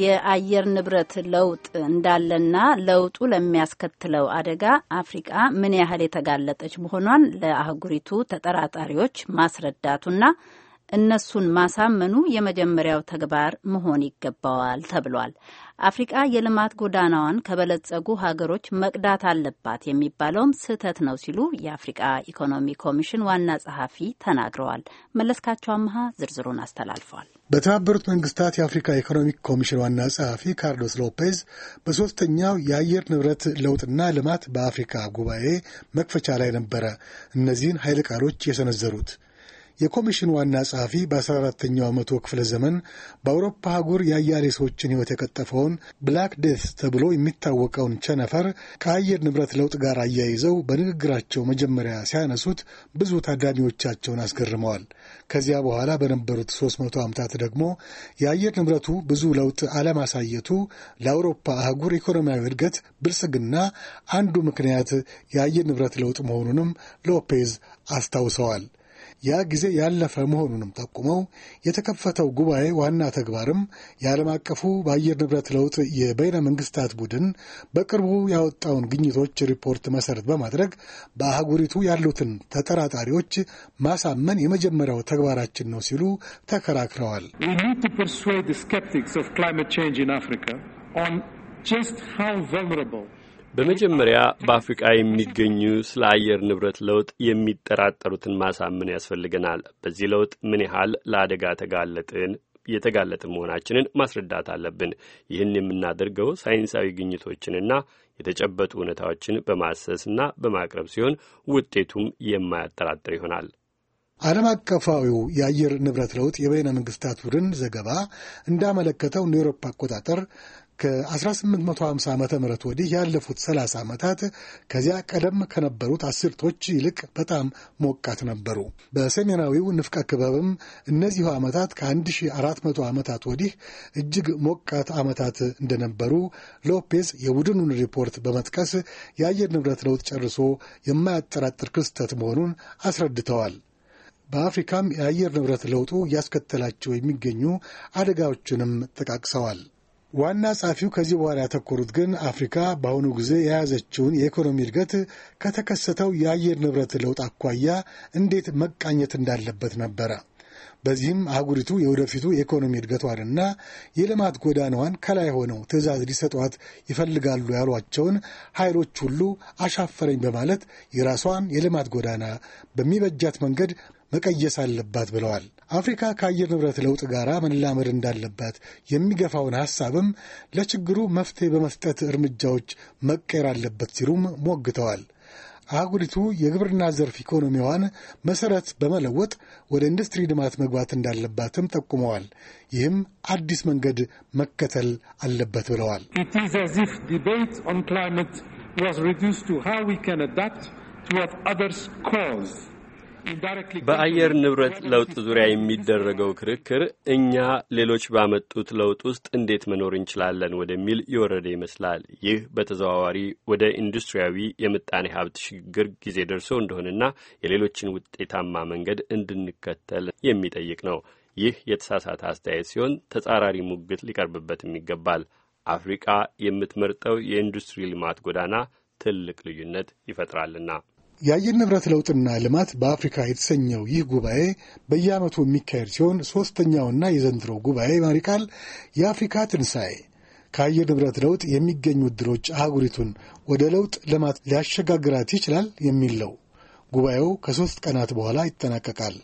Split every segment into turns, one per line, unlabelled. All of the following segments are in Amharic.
የአየር ንብረት ለውጥ እንዳለና ለውጡ ለሚያስከትለው አደጋ አፍሪቃ ምን ያህል የተጋለጠች መሆኗን ለአህጉሪቱ ተጠራጣሪዎች ማስረዳቱና እነሱን ማሳመኑ የመጀመሪያው ተግባር መሆን ይገባዋል ተብሏል። አፍሪቃ የልማት ጎዳናዋን ከበለጸጉ ሀገሮች መቅዳት አለባት የሚባለውም ስህተት ነው ሲሉ የአፍሪቃ ኢኮኖሚ ኮሚሽን ዋና ጸሐፊ ተናግረዋል። መለስካቸው አመሃ ዝርዝሩን አስተላልፏል።
በተባበሩት መንግስታት የአፍሪካ ኢኮኖሚክ ኮሚሽን ዋና ጸሐፊ ካርሎስ ሎፔዝ በሶስተኛው የአየር ንብረት ለውጥና ልማት በአፍሪካ ጉባኤ መክፈቻ ላይ ነበረ እነዚህን ኃይለ ቃሎች የሰነዘሩት የኮሚሽን ዋና ጸሐፊ በ14ተኛው መቶ ክፍለ ዘመን በአውሮፓ አህጉር የአያሌ ሰዎችን ሕይወት የቀጠፈውን ብላክ ዴት ተብሎ የሚታወቀውን ቸነፈር ከአየር ንብረት ለውጥ ጋር አያይዘው በንግግራቸው መጀመሪያ ሲያነሱት ብዙ ታዳሚዎቻቸውን አስገርመዋል። ከዚያ በኋላ በነበሩት 300 ዓመታት ደግሞ የአየር ንብረቱ ብዙ ለውጥ አለማሳየቱ ለአውሮፓ አህጉር ኢኮኖሚያዊ እድገት ብልጽግና አንዱ ምክንያት የአየር ንብረት ለውጥ መሆኑንም ሎፔዝ አስታውሰዋል። ያ ጊዜ ያለፈ መሆኑንም ጠቁመው የተከፈተው ጉባኤ ዋና ተግባርም የዓለም አቀፉ በአየር ንብረት ለውጥ የበይነ መንግስታት ቡድን በቅርቡ ያወጣውን ግኝቶች ሪፖርት መሰረት በማድረግ በአህጉሪቱ ያሉትን ተጠራጣሪዎች ማሳመን የመጀመሪያው ተግባራችን ነው ሲሉ ተከራክረዋል። ስ
በመጀመሪያ በአፍሪቃ የሚገኙ ስለ አየር ንብረት ለውጥ የሚጠራጠሩትን ማሳመን ያስፈልገናል። በዚህ ለውጥ ምን ያህል ለአደጋ ተጋለጥን የተጋለጠ መሆናችንን ማስረዳት አለብን። ይህን የምናደርገው ሳይንሳዊ ግኝቶችንና የተጨበጡ እውነታዎችን በማሰስና በማቅረብ ሲሆን ውጤቱም የማያጠራጥር ይሆናል።
ዓለም አቀፋዊው የአየር ንብረት ለውጥ የበይነ መንግስታት ቡድን ዘገባ እንዳመለከተው እንደ አውሮፓ አቆጣጠር ከ1850 ዓ ም ወዲህ ያለፉት 30 ዓመታት ከዚያ ቀደም ከነበሩት አስርቶች ይልቅ በጣም ሞቃት ነበሩ። በሰሜናዊው ንፍቀ ክበብም እነዚሁ ዓመታት ከ1400 ዓመታት ወዲህ እጅግ ሞቃት ዓመታት እንደነበሩ ሎፔዝ የቡድኑን ሪፖርት በመጥቀስ የአየር ንብረት ለውጥ ጨርሶ የማያጠራጥር ክስተት መሆኑን አስረድተዋል። በአፍሪካም የአየር ንብረት ለውጡ እያስከተላቸው የሚገኙ አደጋዎችንም ጠቃቅሰዋል። ዋና ጸሐፊው ከዚህ በኋላ ያተኮሩት ግን አፍሪካ በአሁኑ ጊዜ የያዘችውን የኢኮኖሚ እድገት ከተከሰተው የአየር ንብረት ለውጥ አኳያ እንዴት መቃኘት እንዳለበት ነበረ። በዚህም አህጉሪቱ የወደፊቱ የኢኮኖሚ እድገቷንና የልማት ጎዳናዋን ከላይ ሆነው ትዕዛዝ ሊሰጧት ይፈልጋሉ ያሏቸውን ኃይሎች ሁሉ አሻፈረኝ በማለት የራሷን የልማት ጎዳና በሚበጃት መንገድ መቀየስ አለባት ብለዋል። አፍሪካ ከአየር ንብረት ለውጥ ጋር መላመድ እንዳለባት የሚገፋውን ሐሳብም ለችግሩ መፍትሄ በመስጠት እርምጃዎች መቀየር አለበት ሲሉም ሞግተዋል። አህጉሪቱ የግብርና ዘርፍ ኢኮኖሚዋን መሰረት በመለወጥ ወደ ኢንዱስትሪ ልማት መግባት እንዳለባትም ጠቁመዋል። ይህም አዲስ መንገድ መከተል አለበት ብለዋል። ዲቤት ኦን ክላይሜት ዋዝ ሪዱስድ ቱ ሃው ዊ ካን አዳፕት ቱ ዋት በአየር
ንብረት ለውጥ ዙሪያ የሚደረገው ክርክር እኛ ሌሎች ባመጡት ለውጥ ውስጥ እንዴት መኖር እንችላለን ወደሚል የወረደ ይመስላል። ይህ በተዘዋዋሪ ወደ ኢንዱስትሪያዊ የምጣኔ ሀብት ሽግግር ጊዜ ደርሶ እንደሆነና የሌሎችን ውጤታማ መንገድ እንድንከተል የሚጠይቅ ነው። ይህ የተሳሳተ አስተያየት ሲሆን ተጻራሪ ሙግት ሊቀርብበትም ይገባል። አፍሪቃ የምትመርጠው የኢንዱስትሪ ልማት ጎዳና ትልቅ ልዩነት ይፈጥራልና
የአየር ንብረት ለውጥና ልማት በአፍሪካ የተሰኘው ይህ ጉባኤ በየዓመቱ የሚካሄድ ሲሆን ሦስተኛውና የዘንድሮ ጉባኤ መሪ ቃል የአፍሪካ ትንሣኤ ከአየር ንብረት ለውጥ የሚገኙ ዕድሎች አህጉሪቱን ወደ ለውጥ ልማት ሊያሸጋግራት ይችላል የሚል ነው። ጉባኤው ከሦስት ቀናት በኋላ ይጠናቀቃል።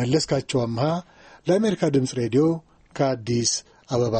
መለስካቸው አምሃ ለአሜሪካ ድምፅ ሬዲዮ ከአዲስ አበባ